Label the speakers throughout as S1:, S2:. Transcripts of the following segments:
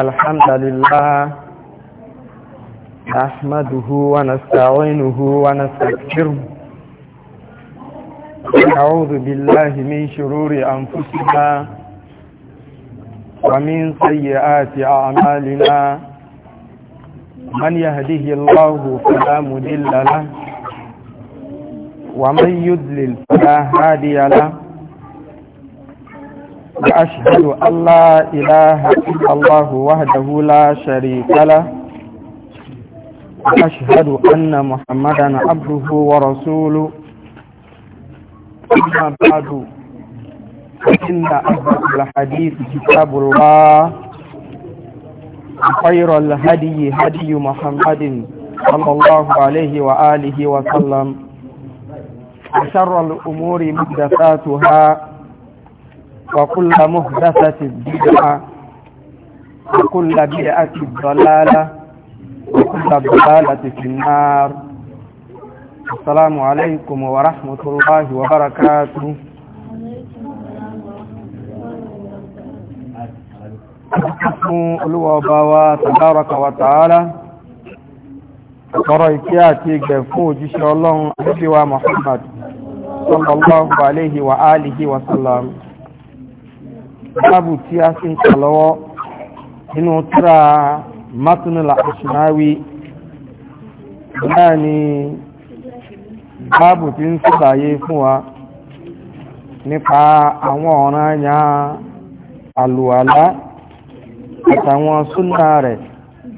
S1: الحمد لله نحمده ونستعينه ونستغفره ونعوذ بالله من شرور أنفسنا ومن سيئات أعمالنا من يهده الله فلا مدل له ومن يدلل فلا هادي له وأشهد أن لا إله إلا الله وحده لا شريك له وأشهد أن محمدا عبده ورسوله أما بعد فإن أصدق الحديث كتاب الله خير الهدي هدي محمد صلى الله عليه وآله وسلم وشر الأمور محدثاتها وكل محدثة بدعة وكل بدعة ضلالة وكل ضلالة في النار السلام عليكم ورحمة الله وبركاته fún olúwa ọba wa tàbáraka wa tààlá ọ̀rọ̀ ìkí àti ìgbẹ̀ fún òjíṣẹ́ ọlọ́run àdúgbò wa Muhammad sallallahu alaihi wa báàbù tí a sì ń kà lọ́wọ́ nínú tíra mátúnilà àṣìnáwí náà ni báàbù tí ń sàlàyé fún wa nípa àwọn ọ̀ràn àyà àlùwàlá àtàwọn súnà rẹ̀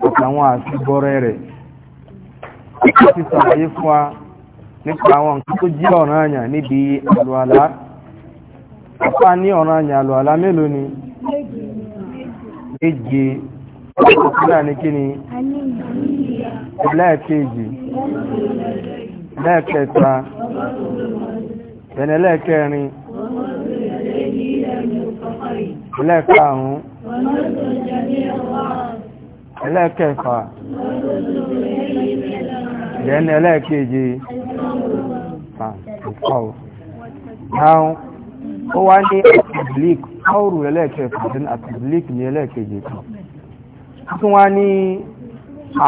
S1: àtàwọn àṣìbọrẹ̀ rẹ̀ ti sàlàyé fún wa nípa àwọn nǹkan tó jí ọ̀ràn àyà níbi àlùwàlá apá ní ọ̀ràn àyàlò àlá mélòó ni èjì ìpínlẹ̀ ní kí ni
S2: ẹlẹ́ẹ̀kejì
S1: lẹ́ẹ̀kẹta ẹ̀nẹ́lẹ́ẹ̀kẹrin ẹlẹ́ẹ̀karùn-ún ẹlẹ́ẹ̀kẹfà ẹ̀nẹ́lẹ́ẹ̀keje ah, Now, ó wá ní atiblik áwòrù ẹlẹ́ẹ̀kẹfà àti atiblik ní ẹlẹ́ẹ̀kejì kan tún wá ní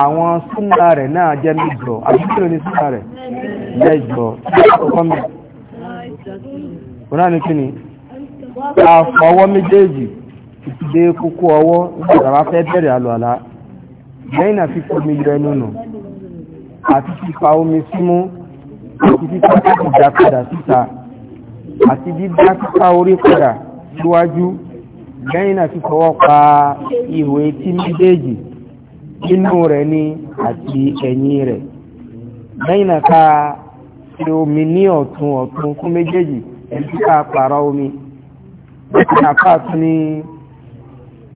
S1: àwọn súnmà rẹ̀ náà jẹ́ mẹ́jọ àbúkúrò ní súnmà rẹ̀ mẹ́jọ ọwọ́ méjèèjì ìtìdé kókó ọwọ́ ìgbàláwà fẹ́ bẹ̀rẹ̀ àlọ́àlá lẹ́yìn àfikò omi yọ ẹnu nù àti fífa omi símú àti fífa ìjàkadà síta àti dídá títà orí padà síwájú lẹ́yìn náà fífọwọ́ pa ihò etí méjèèjì inú rẹ̀ ni àti ẹ̀yìn rẹ̀ lẹ́yìn náà ká ṣe omi ní ọ̀tún ọ̀tún fún méjèèjì ẹ̀bí ká pààrọ̀ omi lẹ́yìn náà ká tún ní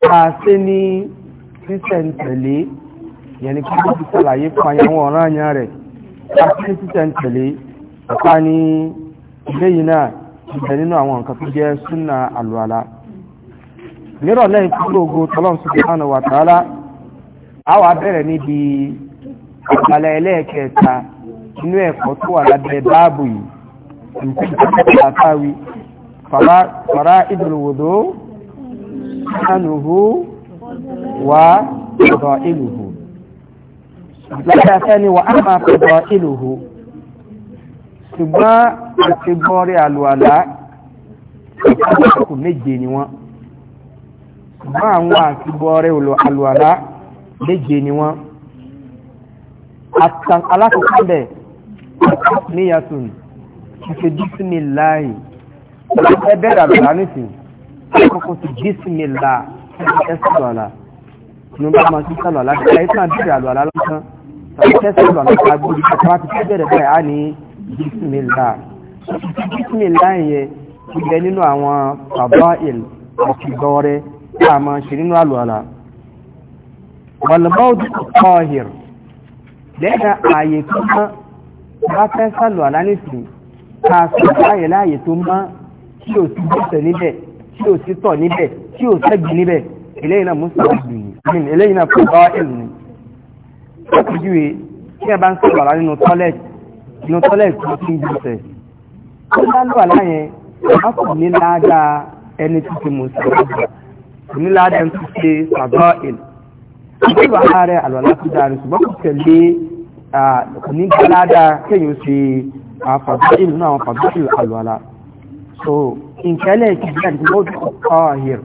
S1: ká ṣe ní sísẹ̀ntẹ̀lé yẹni kí wọ́n ti ṣàlàyé fún àyàwó ọ̀ràn àyàn rẹ̀ ká ṣe sísẹ̀ntẹ̀lé ọ̀pá ní ilé yìí náà ìbẹ̀ nínú àwọn nǹkan tó jẹ́ súnà àlùwàlá nírọ̀lẹ́ ìpínlógo tọ́lọ́n subhanahu wa ta'ala a wà bẹ̀rẹ̀ níbi ìpàlẹ̀ ẹlẹ́ẹ̀kẹta inú ẹ̀kọ́ tó wà lábẹ́ báàbù yìí nǹkan ìpínlẹ̀ àtàwí fara ìdùnwòdó sánúhù wà ọ̀dọ̀ ìlúhù lábẹ́ afẹ́ ni wà á máa fẹ́ ọ̀dọ̀ ìlúhù ṣùgbọ́n àti bọ́ọ̀rẹ́ àlùwàlá ìkọ́kù méje ni wọ́n bá àwọn àti bọ́ọ̀rẹ́ àlùwàlá méje ni wọ́n alákọ̀ọ́kọ́ bẹ̀ níyàtùn ṣe bísímìláì ẹbẹ̀ ràbàlá nìsín kọ́kọ́ ti bísímìlá ẹ̀sọ̀lá ní bá máa sí sọ̀lá láti ẹ̀yí tí wọ́n bẹ̀rẹ̀ àlùwàlá lọ́sán tàbí tẹ́sọ̀lá láti agbóhùn àti wọ́n ti bẹ̀rẹ̀ bẹ̀rẹ̀ á ní bísímìlá bísímìlá yẹn ibẹ̀ nínú àwọn bàbá ìl àti gọ́ọ̀rẹ́ tí a máa ṣe nínú àlùwàlà wàlùbọ́ọ̀dù kọ́ọ̀hìr lẹ́yìn ààyè tó mọ́ bá fẹ́ sàlùwàlà nìsín ká sọ láàyè láàyè tó mọ́ tí ò sí gbèsè níbẹ̀ tí ò sí tọ̀ níbẹ̀ tí ò sẹ́gbì níbẹ̀ eléyìí náà mùsùlùmí yìí eléyìí náà bàbá ìl ni ó kìí júwe tí a bá ń sàlùwàlà nínú tọ́lẹ̀tì nínú tọ́lẹ̀tì tó ti ń gbèsè ọlọ́lọ́ aláyẹn a kò ní láàdá ẹni tí ti mú sàbábà kò ní láàdá ẹni tí ṣe sàbá ìlú ìgbà ààrẹ àlọ́lá tó dáa ṣùgbọ́n kò tẹ̀lé kò ní gbà láàdá ṣe àfàbá ìlú náà àfàbá ìlú àlọ́lá so ìkẹ́lẹ̀ ìkẹ́lẹ̀ ìgbà ó ti kọ́ ọ̀hìr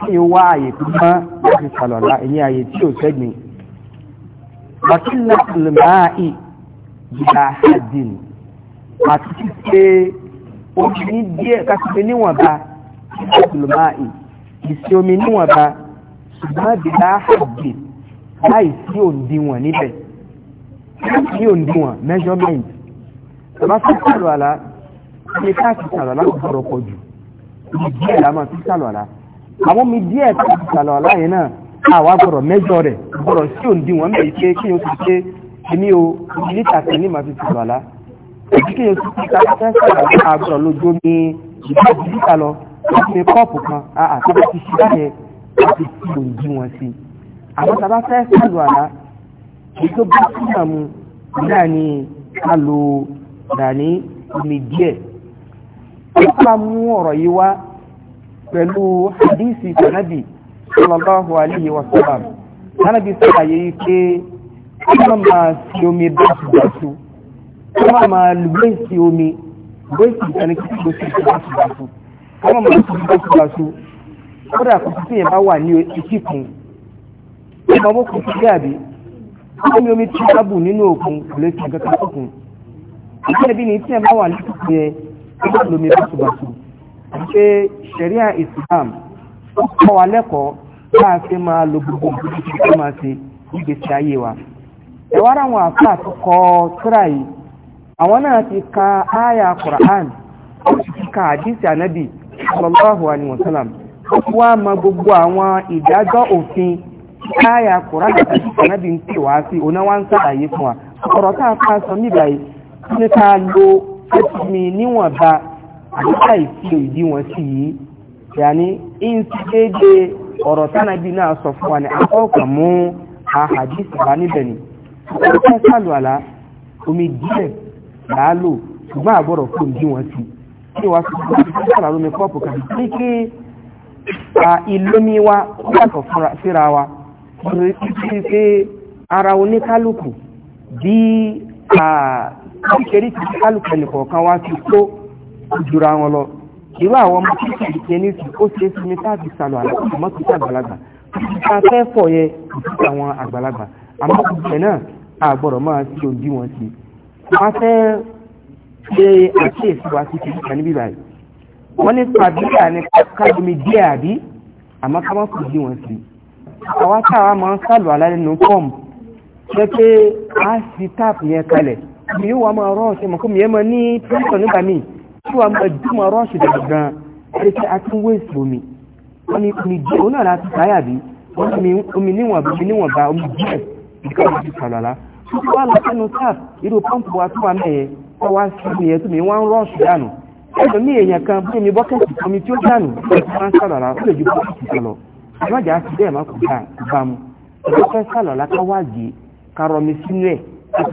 S1: kéèyàn wá àyè tó mọ́ láti sàlọ́lá ìyẹn àyè tí ò sẹ́gbìn bàtí láti lè máa àti ṣíṣe omi ní díẹ̀ káṣíṣe níwọ̀nba ìṣàkùlùmáì ìṣe omi níwọ̀nba ṣùgbọ́n àdìlá àgbè láì sí òǹdíwọ̀n níbẹ̀ sí òǹdíwọ̀n measurement tàbá sí sàlọ̀ àlá ṣe káàkiri sàlọ̀ àlá kò gbọ́dọ̀ pọ̀ jù omi díẹ̀ là máa sí sàlọ̀ àlá àwọn omi díẹ̀ káàkiri sàlọ̀ àlá yẹn náà àwa kí ni ó ti ṣe ní màá fi sàlọ̀ ìdíkè oṣù tí ká fẹ́ sọ̀rọ̀ àgbọ̀rọ̀ lójó ní ìdíkè dídíkà lọ láti fi kọ́ọ̀pù kan àti bá ti ṣílá yẹ láti fi lò ìdí wọn sí àwọn tàbá fẹ́ sọ̀rọ̀ àlá èyí tó bá sí àmú náà ni a lo dání omi díẹ̀ ó bá mú ọ̀rọ̀ yìí wá pẹ̀lú hadisi tànàbì sallallahu alayhi wa sallam tànàbì sọ̀rọ̀ yìí pé wọ́n máa fi omi dàtúdàtú kama ma lubaisi omi lubaisi ìtàní kí ló sì ti báṣu báṣu kama ma sì báṣu báṣu kódà kò sí yẹn bá wà ní etíkun ọmọ bó kò sí gàbí omi omi tí a bù nínú òkun kò lè sàn kankan sókun ìṣẹ̀lẹ̀ bí ni tí yẹn bá wà ní etíkun yẹn kódà lómi báṣu báṣu àṣe sẹ̀ríà Islam ó kọ́ wa lẹ́kọ̀ọ́ bá a fi máa lo gbogbo nǹkan tí a máa ṣe nígbèsí ayé wa ẹ̀wá ara àwọn àfáà tó kọ́ síra yìí àwọn náà ti ka áyà Qur'an ti ka àdísì ànábì sallallahu alaihi wasallam wá ma gbogbo àwọn ìdájọ́ òfin áyà Qur'an àti ànábì ń pè wá sí oná wá ń sàlàyé fún wa ọ̀rọ̀ tá a ká sọ nígbà yìí ní ká lo ẹtì mi níwọ̀nba àdúrà ìfi ìdí wọn sí yìí yàní ń ti déédéé ọ̀rọ̀ tánàbí náà sọ omi díẹ̀ làálò ṣùgbọ́n àgbọ̀rọ̀ fún ìdí wọn ti kí wá sí ìgbàlá lómi kọ́ọ̀pù kàbí pé kí ìlómi wa yàtọ̀ síra wa kí pé ara oníkálukú bí kékeré ti kálukú ẹnìkọ̀ọ̀kan wá ti tó jura wọn lọ irú àwọn ọmọ tí kìí ṣe ní ó ṣe é sinmi táàbì sàlọ àlàkùn mọ́ kìí àgbàlagbà ta fẹ́ fọ̀ yẹ kìí àwọn àgbàlagbà àmọ́ ìgbẹ́ náà àgbọ̀rọ̀ máa ṣe òǹdí wọn sí wọ́n fẹ́ ṣe àkíyèsí wa sí ti ìkà níbí báyìí wọ́n ní pàdúrà ní kájúmi díẹ̀ àbí àmọ́ ká má kò bí wọn sí àwọn táwa máa ń sálò alálẹ́ nù pọ́ǹpù pé pé a sì táàpù yẹn kalẹ̀ mi yóò wá máa rọ́ọ̀ṣì mọ̀ kó mi yẹn máa ní pẹ́ńtọ̀ nígbà míì tí wàá máa dùn máa rọ́ọ̀ṣì dàgbà gan-an ẹni tí a ti ń wéèsì omi wọ́n ní omi díẹ̀ òun náà láti sáyà bí wọ́n ní omi níwọ̀nba omi díẹ̀ nígbà tó wà lọ́sẹ́nu irú pọ́ǹpù wa tó wà mẹ́yẹ tó wá sí mi ẹ̀tún mi wọ́n rọ́ọ̀ṣù dànù ẹ̀dùn ní èèyàn kan bí mi bọ́kẹ́tì omi tí ó dànù wọ́n sàlọ̀lá ó lè ju bọ́kẹ́tì kan lọ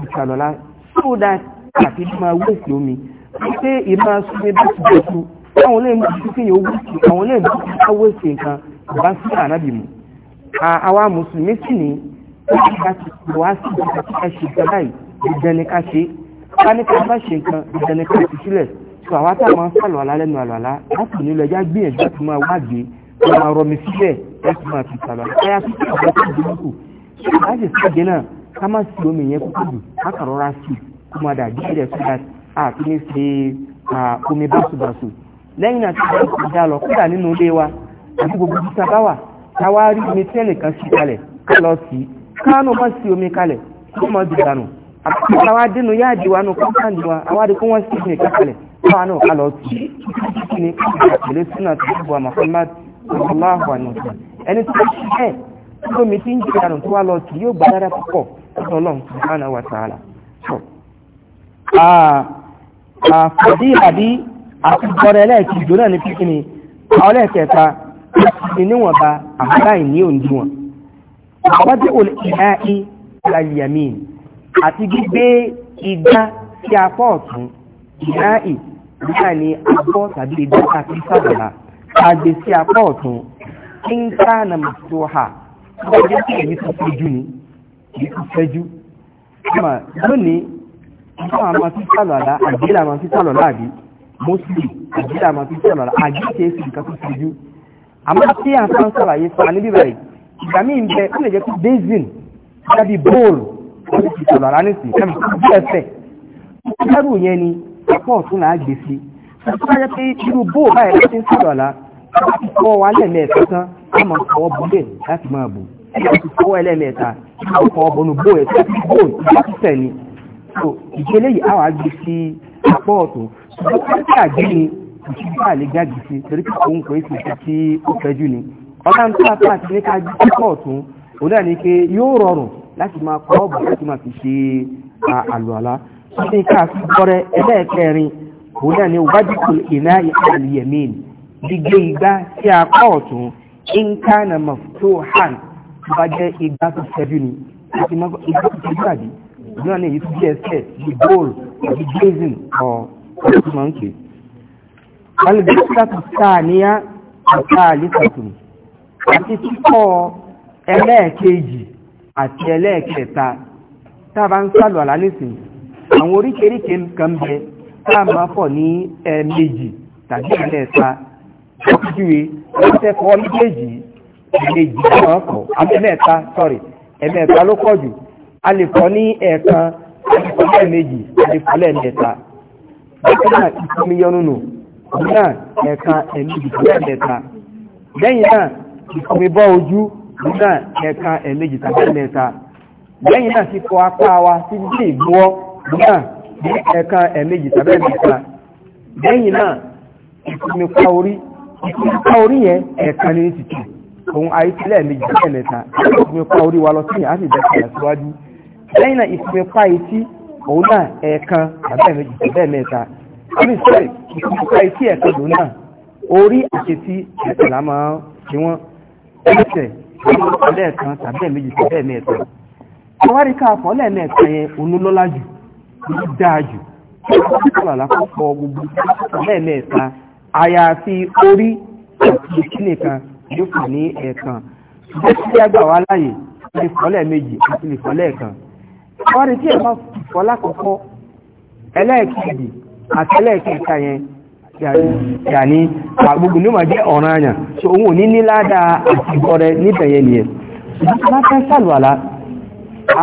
S1: ìmájà so that àti máa wéèsì omi pé ìmáa súnmi bá ti bẹ̀ tu àwọn olè ń bú kí yóò wéèsì àwọn nǹkan bá sí ànábì mu àwa mùsùlùmí sì láti bá ti pè wá sí ìgbà tí a ṣe ìjọba yìí ìdán ni ká ṣe ká ní ká bá ṣe nǹkan ìdán ni ká fi sílẹ̀ tó àwa tá a máa ń sàlọ̀ àlá lẹ́nu àlọ́lá láti nílò ẹja gbìyànjú láti máa wáàgbé tó máa rọmi sílẹ̀ láti máa fi sàlọ̀ àyà tó ti àwọn tó dúró kù ká sì sáde náà ká má sí omi yẹn kúkú jù ká kà rọra sí kó máa dà díẹ̀ rẹ̀ sódà àti ní ṣe omi báṣubàṣu lẹ́yìn náà tí wọ́n ti dá lọ kódà nínú ilé wa àti gbogbo ibi kánú má sí omi kalẹ̀ kó má dùn dànù àwa dínú yáàdì wa nù kọ́ńtàndì wa àwa dì kó wọ́n sí omi kalẹ̀ káwa náà ká tù kí ni káwa pẹ̀lú súnà tó ń bọ̀ Muhammad sallallahu alaihi wa sallam ẹni tó ń ṣe ẹ̀ tó mi ti ń jẹ dànù tó wá lọ tù yóò gbà dára púpọ̀ Ọlọ́run subhanahu ni. ta'ala àfàdí àbí àtúgbọ́rẹ̀ náà ní pínpín ni àwọn ẹlẹ́ẹ̀kẹta ìníwọ̀nba àbáyé ní àwọ́dé olùkìláì ìlàlìyàmín àti gbígbé igbá sí apọ́ ọ̀tún ìláì nígbà ní apọ́ tàbí igbá àti sábàlá àgbè sí apọ́ ọ̀tún kí ń ká na mọ̀tòhà tó jẹ́ sí èyí tó fẹ́jú ni èyí tó fẹ́jú mà lónìí ìjọ àmà sí sàlọ̀lá àgbélà àmà sí sàlọ̀lá àbí mọ́sílì àgbélà àmà sí sàlọ̀lá àgbé kìí sí nǹkan tó fẹ́jú àmà sí àǹfààní sàlàyé fún aníbíbẹ̀rẹ̀ ìgbà míì ń bẹ ó lè jẹ́ pé basin tàbí bowl wọ́n ti tọ̀lọ̀ ara nísìn kẹ́mi bí ẹsẹ̀ ẹrù yẹn ni apá ọ̀tún là á gbé sí tó bá jẹ́ pé irú bowl báyìí ló ti ń sọ̀rọ̀ àlá wọ́n ti fọ́ wa lẹ́ẹ̀mẹ́ẹ̀ta tán á máa fọwọ́ bọ́lẹ̀ láti máa bù ẹ̀yà ti fọwọ́ ẹlẹ́ẹ̀mẹ́ta ọkọ̀ ọ̀bọ̀nù bowl ẹ̀sẹ̀ bowl ìgbà títẹ̀ ni ìgbélé yìí àwọn agbè sí apá ọ̀tún ṣùgbọ́n kí àgbé ni ìṣúgbà lè gbàgbé sí torí kí òun kò é sì sí kí ó fẹ́jú ni ọ̀dá ń tó àtà àti níka kíkọ́ ọ̀tún òdá ní pé yóò rọrùn láti máa kọ́ ọ̀bù láti máa fi ṣe àlùalá ní ká fi bọ́rẹ́ ẹlẹ́ẹ̀kẹrin òdá ní wájúkù iná àlìyẹ̀mìn gbígbé igbá sí apá ọ̀tún nǹkan na mọ̀tò hàn bá jẹ́ igbá tó ṣẹ́jú ni àti igbá tó ṣẹ́jú àbí òdá ní èyí tó jẹ́ ẹsẹ̀ bí góòlù àbí gazing ọ̀ ọ̀tún mọ̀ ń pè. wọ́n lè gbé àti kíkọ́ ẹlẹ́ẹ̀kejì àti ẹlẹ́ẹ̀kẹta tá a bá ń sálù àlálẹ́sìn àwọn oríkèríkè kan bẹ tá a máa fọ̀ ní ẹ̀ẹ̀mejì tàbí ẹlẹ́ẹ̀ta ọkùnjúwe wọ́n tẹ́ fọ́ méjèèjì ẹ̀ẹ̀mejì náà kọ̀ ẹlẹ́ẹ̀ta sọ̀rì ẹ̀ẹ̀mẹ̀ta ló pọ̀ jù a lè fọ́ ní ẹ̀ẹ̀kan a lè fọ́ lẹ́ẹ̀mejì a lè fọ́ lẹ́ẹ̀mẹta bákan náà lẹ́yìn náà ìkọmíbọ ojú nígbà ẹ̀ka ẹ̀mejì tàbí mẹ́ta lẹ́yìn náà sí fọ apá wa sí bí ìgbọ́ nígbà ẹ̀ka ẹ̀mejì tàbí mẹ́ta lẹ́yìn náà ìkọmípa orí ìkọmípa orí yẹn ẹ̀ka ní títì òun àìsílẹ̀ méjì tàbí mẹ́ta ìkọmípa orí wa lọ sí yẹn á sì bẹ̀rẹ̀ síwájú lẹ́yìn náà ìkọmípa etí òun náà ẹ̀ẹ̀kan tàbí méjì tàbí mẹ́ta orí ìsọ̀rẹ̀ ìkọmípa etí ẹ̀ẹ̀kan lòun náà orí àti etí ẹ̀ẹ̀kan lá máa ń ṣe wọ́n ẹ̀ṣẹ̀ lẹ́ẹ̀kan tàbí ẹ̀mẹ́jì tàbí ẹ̀mẹ́ẹ̀kan àwáríká àfọ́ lẹ́ẹ̀mẹ́ẹ̀kan yẹn olólọ́lá jù ló dáa jù ọ̀pọ̀ àlákọ̀ọ́pọ̀ gbogbo lẹ́ẹ̀mẹ́ẹ̀ta àyàfi orí àti ìkínìkan yóò kù ní ẹ̀ẹ̀kan bó ti yá gbà wá láàyè lè fọ́ lẹ́ẹ̀mejì àti lè fọ́ lẹ́ẹ̀kan àwárí tí ẹ̀ bá fọ́ lákọ̀ọ́kọ́ ẹlẹ́ẹ̀kejì àti ẹlẹ́ẹ̀kẹta yẹn yàní gbogbo ní ó máa jẹ́ ọ̀ràn àyàn so òun ò ní ní ládàá àti ọrẹ níbẹ̀yẹ nìyẹn ṣùgbọ́n bá fẹ́ sàlùwàlá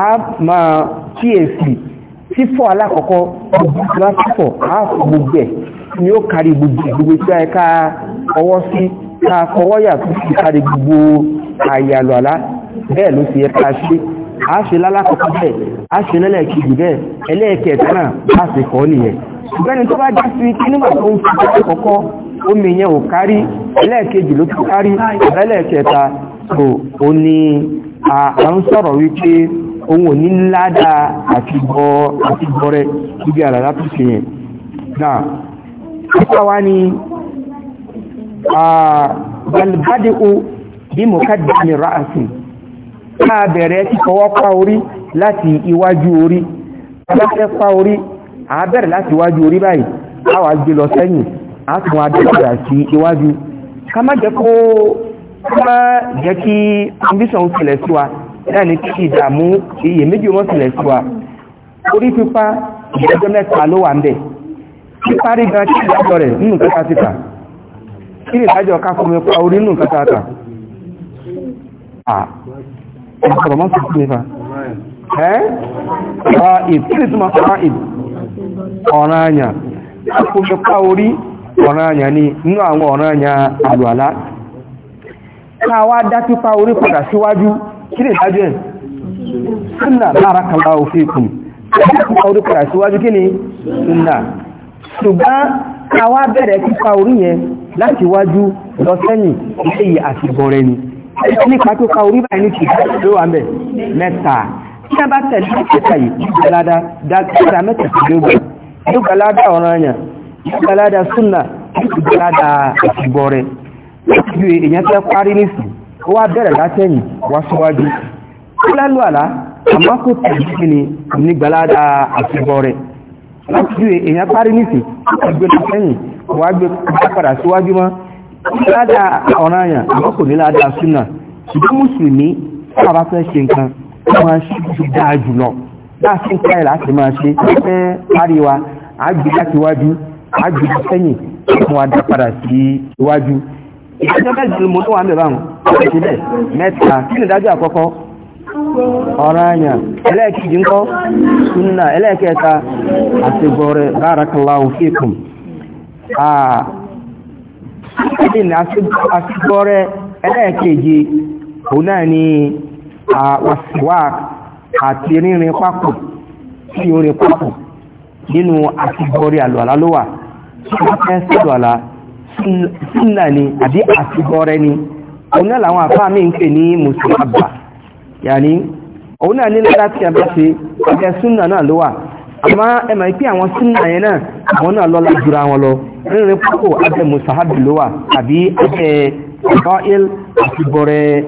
S1: a máa kíyèsí fífọ̀ alákọ̀ọ́kọ́ gbogbo fífọ̀ a gbogbo ẹ̀ ni ó kárí gbogbo gbogbo tí a ká ọwọ́ sí ká kọwọ́yà tó fi kárí gbogbo àyàlùwàlá bẹ́ẹ̀ ló ti yẹ ká ṣe a ṣe lálákọ̀ọ́kọ́ bẹ́ẹ̀ a ṣe lẹ́lẹ́kejì bẹ́ẹ̀ ẹlẹ́ẹ̀kẹta náà a sì kọ́ nìyẹn ìgbẹ́ni tó bá já sí nígbà tó ń fi àkọ́kọ́ omi yẹn ò kárí ẹlẹ́ẹ̀kejì ló ti kárí ẹlẹ́ẹ̀kẹta so ó ní à ń sọ̀rọ̀ wípé ohun ò ní ládà àti gbọ́ rẹ̀ níbi àlàlá tó fi yẹn náà nípa wá ní balbade bí mo ká dì ní ra'asin kíkọwọ́ pa orí láti iwájú orí a bẹ̀rẹ̀ láti wájú orí báyìí a wá gbé lọ sẹ́yìn a tún wá dẹ́kọ̀ọ́ sí iwájú ká má jẹ́ kó má jẹ́ kí ambition tilẹ̀ sí wa náà ni kí ìdààmú iyèméjì wọn tilẹ̀ sí wa orí pípa ìdájọ́ mẹ́ta ló wà ń bẹ̀ píparí gan kí ìdájọ́ rẹ̀ nínú kẹta síta kí ìdájọ́ ká fún mi pa orí nínú kẹta síta ọ̀rọ̀ mọ́ sí mi fa ẹ́ ìpínlẹ̀ tó máa fara ọ̀ranyà àkójọpá orí ọ̀ranyà ni inú àwọn ọ̀ranyà àlùàlá káwá dá orí padà síwájú kí lè dájú ẹ̀ súnà lára kàlá òfin kùn pípa orí padà síwájú kí ni ṣùgbọ́n káwá bẹ̀rẹ̀ pípa orí yẹn láti tí a bá tẹ̀lé ìkẹta yìí ìgbàládá dákẹ́ta mẹ́ta ìgbàlógbà ìgbàládá ọ̀ranyàn ìgbàládá súnà ìgbàládá ìgbọ̀rẹ̀ ju èèyàn tẹ́ parí nìsí ó wá bẹ̀rẹ̀ látẹ̀yìn wá síwájú lálù àlá àmọ́ kò tẹ̀lé ní ìgbàládá ìgbọ̀rẹ̀ ju èèyàn parí nìsí ìgbẹ́ látẹ̀yìn wá gbé padà síwájú mọ́ ìgbàládá ọ̀ranyàn àmọ́ kò ní ládá súnà ṣùgbọ́n mùsùlùmí tí a bá fẹ́ ṣe nǹkan máa ṣe ti dáa jùlọ láti káyẹ̀ láti máa ṣe fẹ́ àríwá àgbè láti fún wa dá padà sí iwájú
S2: ìdájọ́ bẹ́ẹ̀ jùlọ ndị
S1: tó wà ń bẹ̀rẹ̀ àwọn ìṣẹ̀lẹ̀ mẹ́ta kí ni ìdájọ́ àkọ́kọ́ ọ̀ranyà ẹlẹ́ẹ̀kejì ńkọ́ ẹlẹ́ẹ̀kẹta ẹlẹ́ẹ̀kejì òun náà ni wàsíwák àti rírin papọ̀ tí ó rin papọ̀ nínú àtibọ́rí àlùwàlá ló wà
S2: tí wọ́n fẹ́
S1: ni àbí àtibọ́rẹ́ ni òun náà làwọn àfáà mi ń pè ní mùsùlùmá yàní òun náà ní láti ẹ̀bá ṣe ọ̀gẹ̀ súnà náà ló wà àmọ́ ẹ mọ̀ pé àwọn súnà yẹn náà àwọn náà lọ́la jura wọn lọ rírin papọ̀ abẹ́ mùsàhábì ló wà àbí abẹ́ ọ̀dọ́ il àtibọ́rẹ́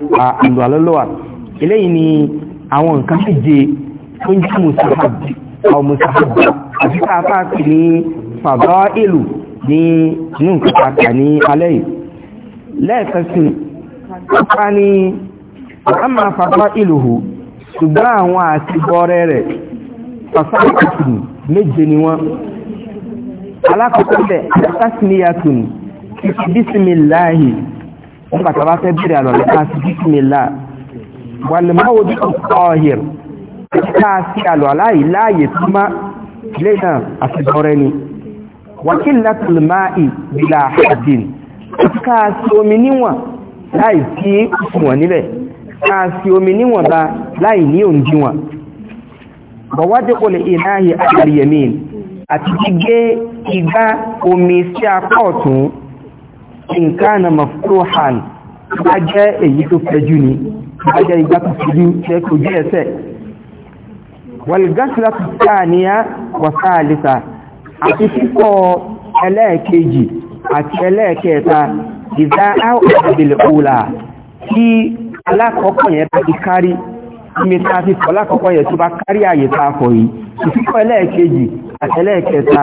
S1: àlùwàlá ló wà eléyìí ni àwọn nǹkan méje tó ń jẹ́ mùsàhàb àwọn mùsàhàb àti káfà pè ní fàbọ́ ìlú ní inú nǹkan kàkà ní alẹ́ yìí lẹ́ẹ̀kan sí káfà ní ọ̀kánmà fàbọ́ ìlú hù ṣùgbọ́n àwọn àti bọ́ọ̀rẹ́ rẹ̀ fàfáàkùn méje ni wọ́n alákọ̀ọ́kọ́ bẹ̀ àtàkùnìyàtùn kìí bísímìláhì wàlùmáwòdì ọ̀hìr káà sí àlọ́ aláì láàyè tó má ilé náà àti dọ́rẹ́ ni wàkílátùl máì bílá àdín káà sí omi níwọ̀n láì sí òṣùwọ̀n nílẹ̀ káà sí omi níwọ̀n bá láì ní òǹdíwọ̀n bọ̀wádìí kò lè ajẹ́ ìgbà tó ti di ṣe kò jí ẹsẹ̀ wàlgásílá tó sáàníyá wàsáàlìsà àti fífọ́ ẹlẹ́ẹ̀kejì àti ẹlẹ́ẹ̀kẹta ìdá áwọ̀dìbìlì òòlà tí alákọ̀ọ́kọ̀ yẹn bá ti kárí mi ta fi fọ́ lákọ̀ọ́kọ́ àti ẹlẹ́ẹ̀kẹta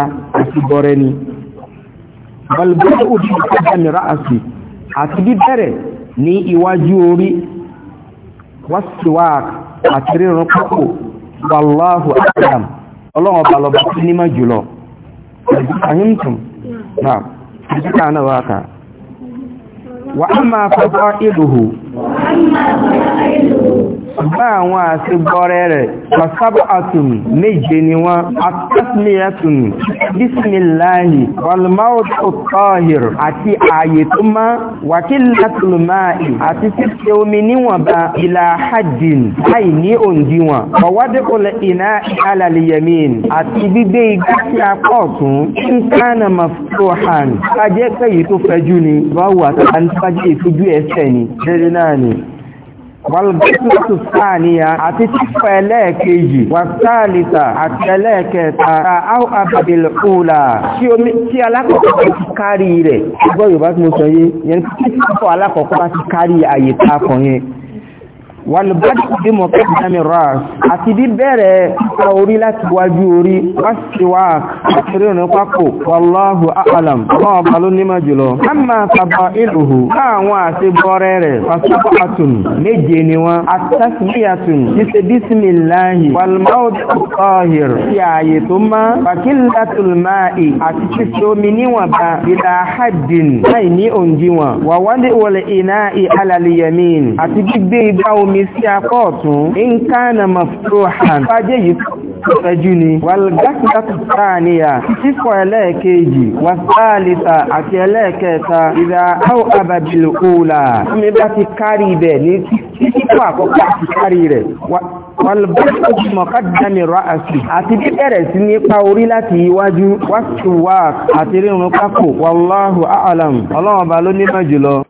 S1: àti ni wàlgásílá tó ní iwájú orí wasiwak àti rírun pápò wàláhù àdàm ọlọ́run ọba lọba tí ní má jùlọ fahimtum na ìdíkà náà wá ká wà á máa fọ́fọ́ ìlúhù bá àwọn àti bọ́rẹ́ rẹ̀ pàṣábà àtùmù méje ni wọ́n àtàsílẹ̀ àtùmù bísmìláhì wàlmáwòtò tọ́hìr àti ààyè tó má wàkílátùlùmáì àti títẹ omi níwọ̀nba ìlà hajjin láì ní òǹdíwọ̀n ọ̀wádìkùnlẹ̀ iná alàlìyàmín àti gbígbé igbá sí apá ọ̀tún ń kánà mafrohan bá jẹ́ pé èyí tó fẹjú ni báwo àtàkàntàjẹ́ ìtújú ẹsẹ̀ ni dédé náà ni wàlùbẹ́sùlọ́tù sáàníyà àti tífà ẹlẹ́ẹ̀kejì wà sáàlìta àti ẹlẹ́ẹ̀kẹta ta áwọ̀ abàbìlì òòlà tí alákọ̀ọ́kọ́ ti kárí rẹ̀ gbọ́ yorùbá tí mo sọ yé yẹn tífà alákọ̀ọ́kọ́ ti kárí àyè ta yẹn walibadi di mọ̀ pẹ́ ìdámi ras àti bí bẹ̀rẹ̀ pa orí láti wájú orí wáṣíwá àkírí òní pápò wallahu a'lam náà bá ló nímọ̀ jùlọ amma sàbà ìlúhù láàwọn àti bọ́rẹ̀ rẹ̀ fasúbàtún méje ni wọn àtàkìyàtún ṣíṣe bísmìláhì walmaudi ọ̀hìr ti ààyè tó má wàkílátùl máì àti ṣíṣe omi níwọ̀n bá ìlà haddin láì ní òǹdíwọ̀n wàwádìí wọlé ìná ìhàlàlìyàmín àti gbígbé ìgbà omi mi sí akọ́ ọ̀tún nǹkan mafrohan fàájẹ́ yìí ẹjú ni wàlgásítàtù sáàníyà sífọ̀ ẹlẹ́ẹ̀kejì wàsáàlìta àti ẹlẹ́ẹ̀kẹta ìdá áwọ̀ abàbìlì òòlà mi bá ti kárí ibẹ̀ ní sífọ̀ àkọ́kọ́ àti kárí rẹ̀ wàlbọ́sọ̀tù mọ̀kádàmì ra'asi àti bíbẹ̀rẹ̀ sí nípa orí láti iwájú wàsíwá àti rírun pápò wàláhù àálàm ọlọ́wọ̀n bá ló nímọ̀ jùlọ